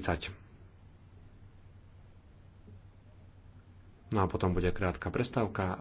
30. No a potom bude krátka prestávka.